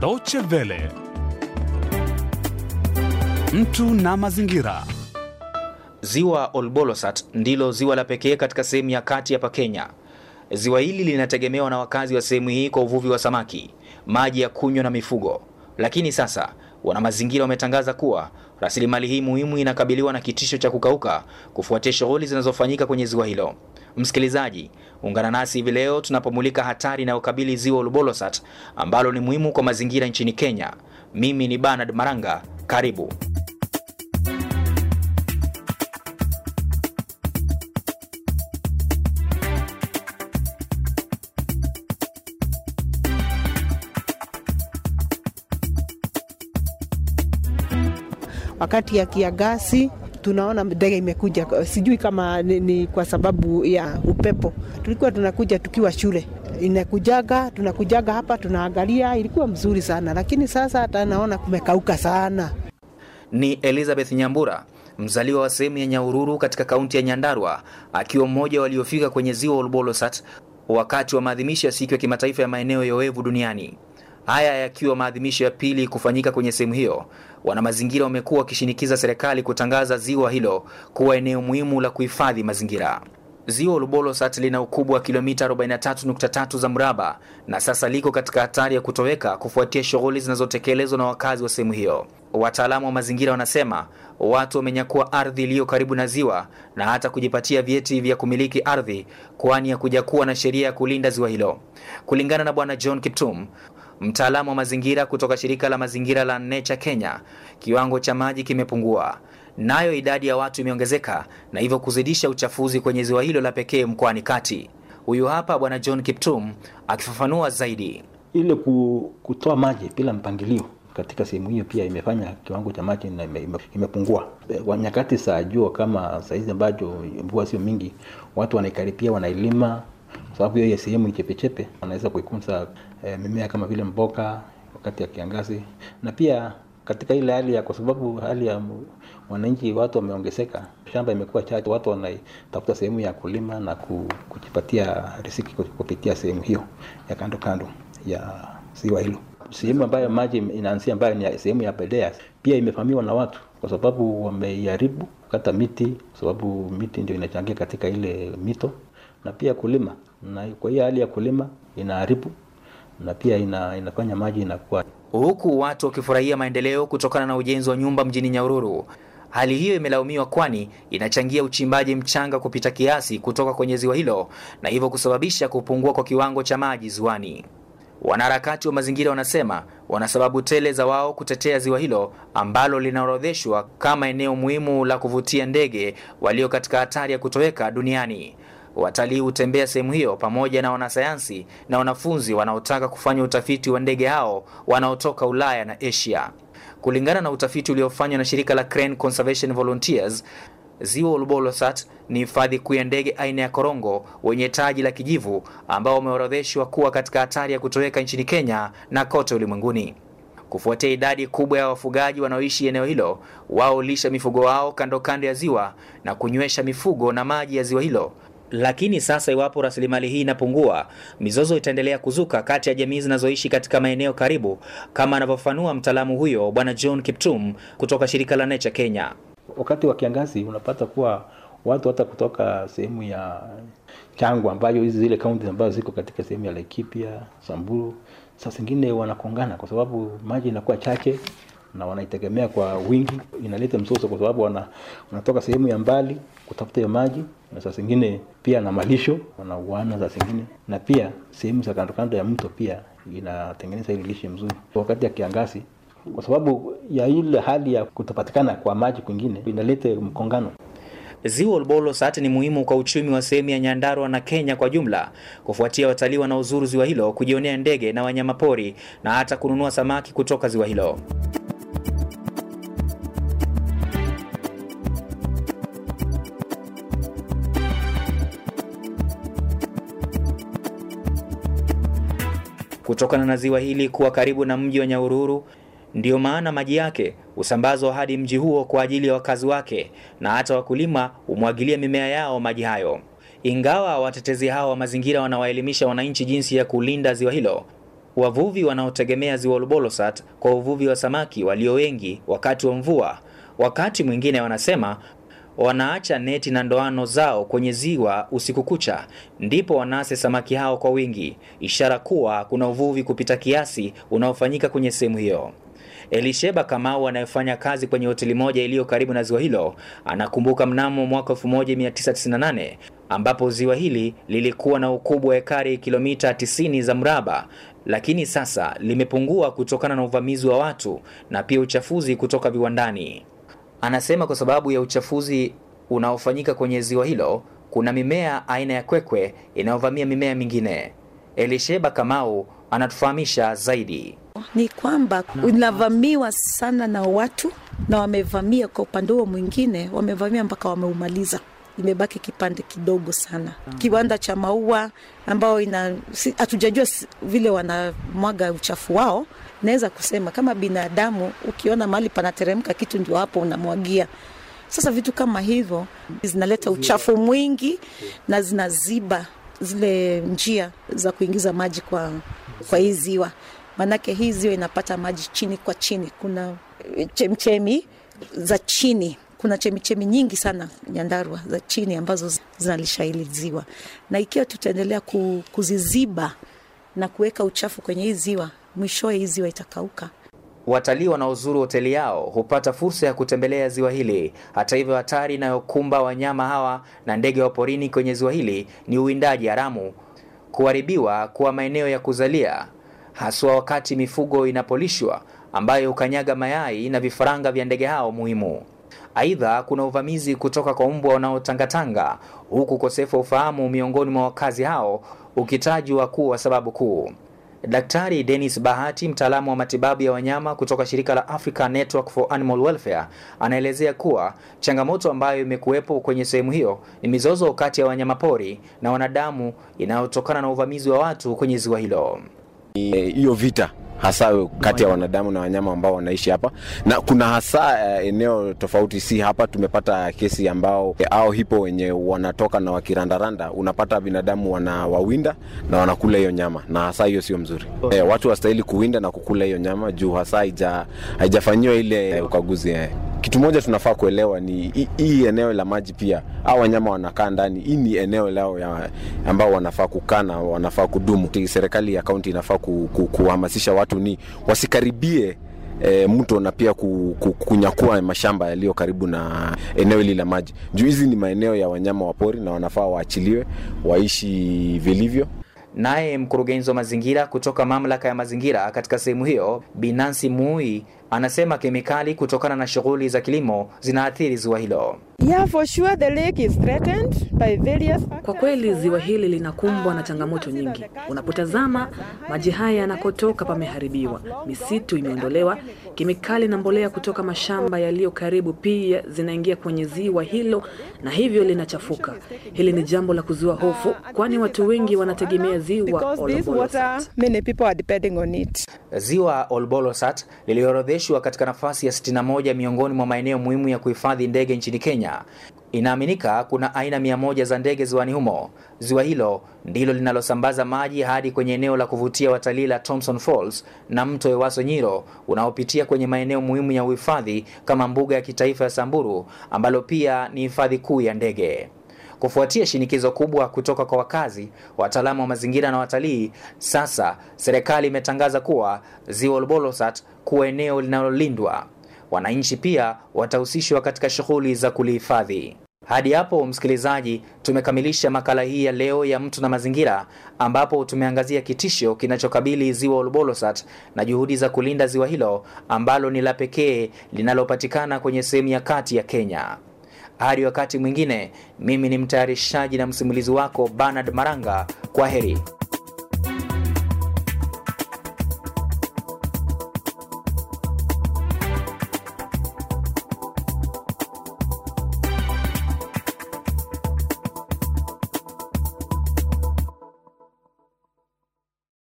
Deutsche Welle, mtu na mazingira. Ziwa Olbolosat ndilo ziwa la pekee katika sehemu ya kati hapa Kenya. Ziwa hili linategemewa na wakazi wa sehemu hii kwa uvuvi wa samaki, maji ya kunywa na mifugo, lakini sasa wana mazingira wametangaza kuwa rasilimali hii muhimu inakabiliwa na kitisho cha kukauka kufuatia shughuli zinazofanyika kwenye ziwa hilo. Msikilizaji, ungana nasi hivi leo tunapomulika hatari inayokabili ziwa Olubolosat ambalo ni muhimu kwa mazingira nchini Kenya. Mimi ni Bernard Maranga, karibu. Wakati ya kiagasi tunaona ndege imekuja, sijui kama ni, ni kwa sababu ya upepo. Tulikuwa tunakuja tukiwa shule inakujaga tunakujaga hapa tunaangalia, ilikuwa mzuri sana lakini sasa hata naona kumekauka sana. Ni Elizabeth Nyambura, mzaliwa wa sehemu ya Nyahururu katika kaunti ya Nyandarua, akiwa mmoja waliofika kwenye ziwa Olbolosat wakati wa maadhimisho ya siku ya kimataifa ya maeneo yoevu duniani. Haya yakiwa maadhimisho ya pili kufanyika kwenye sehemu hiyo. Wanamazingira wamekuwa wakishinikiza serikali kutangaza ziwa hilo kuwa eneo muhimu la kuhifadhi mazingira. Ziwa Lubolosat lina ukubwa wa kilomita 43.3 za mraba na sasa liko katika hatari ya kutoweka kufuatia shughuli zinazotekelezwa na wakazi wa sehemu hiyo. Wataalamu wa mazingira wanasema watu wamenyakua ardhi iliyo karibu na ziwa na hata kujipatia vyeti vya kumiliki ardhi kwani ya kujakuwa na sheria ya kulinda ziwa hilo. Kulingana na Bwana John Kiptum, Mtaalamu wa mazingira kutoka shirika la mazingira la Nature Kenya, kiwango cha maji kimepungua, nayo idadi ya watu imeongezeka na hivyo kuzidisha uchafuzi kwenye ziwa hilo la pekee mkoani kati. Huyu hapa Bwana John Kiptum akifafanua zaidi. Ile kutoa maji bila mpangilio katika sehemu hiyo pia imefanya kiwango cha maji na imepungua. Kwa nyakati za jua kama saizi ambacho mvua sio mingi, watu wanaikaribia, wanailima sababu hiyo sehemu ni chepechepe, anaweza kuikunza e, eh, mimea kama vile mboka wakati ya kiangazi, na pia katika ile hali ya, kwa sababu hali ya wananchi watu wameongezeka, shamba imekuwa chache, watu wanatafuta sehemu ya kulima na kujipatia riziki kupitia sehemu hiyo ya kando kando ya ziwa hilo. Sehemu ambayo maji inaanzia ambayo ni sehemu ya Belea pia imefamiwa na watu kwa sababu wameiharibu, kata miti, kwa sababu miti ndio inachangia katika ile mito na pia kulima na kwa hiyo hali ya kulima inaharibu na pia ina, inafanya maji inakuwa. Huku watu wakifurahia maendeleo kutokana na ujenzi wa nyumba mjini nyaururu hali hiyo imelaumiwa kwani inachangia uchimbaji mchanga kupita kiasi kutoka kwenye ziwa hilo na hivyo kusababisha kupungua kwa kiwango cha maji ziwani. Wanaharakati wa mazingira wanasema wana sababu tele za wao kutetea ziwa hilo ambalo linaorodheshwa kama eneo muhimu la kuvutia ndege walio katika hatari ya kutoweka duniani. Watalii hutembea sehemu hiyo pamoja na wanasayansi na wanafunzi wanaotaka kufanya utafiti wa ndege hao wanaotoka Ulaya na Asia. Kulingana na utafiti uliofanywa na shirika la Crane Conservation Volunteers, Ziwa Olubolosat ni hifadhi kuu ya ndege aina ya korongo wenye taji la kijivu ambao wameorodheshwa kuwa katika hatari ya kutoweka nchini Kenya na kote ulimwenguni. Kufuatia idadi kubwa ya wafugaji wanaoishi eneo hilo, wao mifugo wao kando kando ya ziwa na kunywesha mifugo na maji ya ziwa hilo. Lakini sasa iwapo rasilimali hii inapungua, mizozo itaendelea kuzuka kati ya jamii zinazoishi katika maeneo karibu, kama anavyofanua mtaalamu huyo Bwana John Kiptum kutoka shirika la Nature Kenya. Wakati wa kiangazi unapata kuwa watu hata kutoka sehemu ya Changwa ambayo hizi zile kaunti ambazo ziko katika sehemu ya Laikipia, Samburu, saa zingine wanakongana kwa sababu maji inakuwa chache, na wanaitegemea kwa wingi, inaleta msoso kwa sababu wana, wanatoka sehemu ya mbali kutafuta ya maji, na saa zingine pia na malisho wanauana saa zingine, na pia sehemu za kando kando ya mto pia inatengeneza ile lishe mzuri wakati ya kiangazi kwa sababu ya ile hali ya kutopatikana kwa maji kwingine inaleta mkongano. Ziwa Olbolos hata ni muhimu kwa uchumi wa sehemu ya Nyandarua na Kenya kwa jumla, kufuatia watalii wanaozuru ziwa hilo kujionea ndege na wanyamapori na hata kununua samaki kutoka ziwa hilo. kutokana na ziwa hili kuwa karibu na mji wa Nyahururu, ndiyo maana maji yake husambazwa hadi mji huo kwa ajili ya wakazi wake, na hata wakulima humwagilia mimea yao maji hayo. Ingawa watetezi hao wa mazingira wanawaelimisha wananchi jinsi ya kulinda ziwa hilo, wavuvi wanaotegemea ziwa Olubolosat kwa uvuvi wa samaki walio wengi wakati wa mvua, wakati mwingine wanasema wanaacha neti na ndoano zao kwenye ziwa usiku kucha, ndipo wanase samaki hao kwa wingi, ishara kuwa kuna uvuvi kupita kiasi unaofanyika kwenye sehemu hiyo. Elisheba Kamau anayefanya kazi kwenye hoteli moja iliyo karibu na ziwa hilo anakumbuka mnamo mwaka 1998 ambapo ziwa hili lilikuwa na ukubwa wa ekari kilomita 90 za mraba, lakini sasa limepungua kutokana na uvamizi wa watu na pia uchafuzi kutoka viwandani. Anasema kwa sababu ya uchafuzi unaofanyika kwenye ziwa hilo, kuna mimea aina ya kwekwe inayovamia mimea mingine. Elisheba Kamau anatufahamisha zaidi. Ni kwamba unavamiwa sana na watu na wamevamia kwa upande huo mwingine, wamevamia mpaka wameumaliza imebaki kipande kidogo sana, kiwanda cha maua ambao ina hatujajua vile wanamwaga uchafu wao naweza kusema kama binadamu, ukiona mahali panateremka kitu ndio hapo unamwagia. Sasa vitu kama hivyo zinaleta uchafu mwingi na zinaziba zile njia za kuingiza maji kwa, kwa hii ziwa, maanake hii ziwa inapata maji chini kwa chini. Kuna chemchemi za chini, kuna chemichemi nyingi sana nyandarwa za chini ambazo zinalisha hili ziwa, na ikiwa tutaendelea kuziziba na kuweka uchafu kwenye hii ziwa, mwishowe hii ziwa itakauka. Watalii wanaozuru hoteli yao hupata fursa ya kutembelea ziwa hili. Hata hivyo, hatari inayokumba wanyama hawa na ndege wa porini kwenye ziwa hili ni uwindaji haramu, kuharibiwa kuwa maeneo ya kuzalia, haswa wakati mifugo inapolishwa, ambayo hukanyaga mayai na vifaranga vya ndege hao muhimu. Aidha, kuna uvamizi kutoka kwa mbwa wanaotangatanga, huku ukosefu wa ufahamu miongoni mwa wakazi hao ukitajwa kuwa sababu kuu. Daktari Dennis Bahati, mtaalamu wa matibabu ya wanyama kutoka shirika la Africa Network for Animal Welfare, anaelezea kuwa changamoto ambayo imekuwepo kwenye sehemu hiyo ni mizozo kati ya wanyamapori na wanadamu inayotokana na uvamizi wa watu kwenye ziwa hilo. Eh, hiyo vita hasa kati ya wanadamu na wanyama ambao wanaishi hapa, na kuna hasa eh, eneo tofauti, si hapa. Tumepata kesi ambao eh, au hipo wenye wanatoka na wakirandaranda, unapata binadamu wanawawinda na wanakula hiyo nyama, na hasa hiyo sio mzuri. E, watu wastahili kuwinda na kukula hiyo nyama juu hasa haijafanyiwa ile ukaguzi kitu moja tunafaa kuelewa ni hii eneo la maji pia au wanyama wanakaa ndani. Hii ni eneo lao ambao wanafaa kukaa na wanafaa kudumu. Serikali ya kaunti inafaa ku, ku, kuhamasisha watu ni wasikaribie e, mto na pia ku, ku, kunyakua mashamba yaliyo karibu na eneo hili la maji, juu hizi ni maeneo ya wanyama wa pori na wanafaa waachiliwe waishi vilivyo. Naye mkurugenzi wa mazingira kutoka mamlaka ya mazingira katika sehemu hiyo Binansi mui Anasema kemikali kutokana na shughuli za kilimo zinaathiri ziwa hilo. Yeah, for sure the lake is threatened by various... Kwa kweli ziwa hili linakumbwa na changamoto nyingi. Unapotazama maji haya yanakotoka, pameharibiwa, misitu imeondolewa, kemikali na mbolea kutoka mashamba yaliyo karibu pia zinaingia kwenye ziwa hilo na hivyo linachafuka. Hili ni jambo la kuzua hofu, kwani watu wengi wanategemea ziwa Olbolosat. Ziwa Olbolosat liliorodheshwa imeorodheshwa katika nafasi ya 61 miongoni mwa maeneo muhimu ya kuhifadhi ndege nchini Kenya. Inaaminika kuna aina mia moja za ndege ziwani humo. Ziwa hilo ndilo linalosambaza maji hadi kwenye eneo la kuvutia watalii la Thompson Falls na mto Ewaso Nyiro unaopitia kwenye maeneo muhimu ya uhifadhi kama mbuga ya kitaifa ya Samburu ambalo pia ni hifadhi kuu ya ndege. Kufuatia shinikizo kubwa kutoka kwa wakazi, wataalamu wa mazingira na watalii, sasa serikali imetangaza kuwa Ziwa Olbolosat kuwa eneo linalolindwa. Wananchi pia watahusishwa katika shughuli za kulihifadhi. Hadi hapo msikilizaji, tumekamilisha makala hii ya leo ya Mtu na Mazingira, ambapo tumeangazia kitisho kinachokabili ziwa Olbolosat na juhudi za kulinda ziwa hilo ambalo ni la pekee linalopatikana kwenye sehemu ya kati ya Kenya. Hadi wakati mwingine, mimi ni mtayarishaji na msimulizi wako Bernard Maranga. Kwa heri.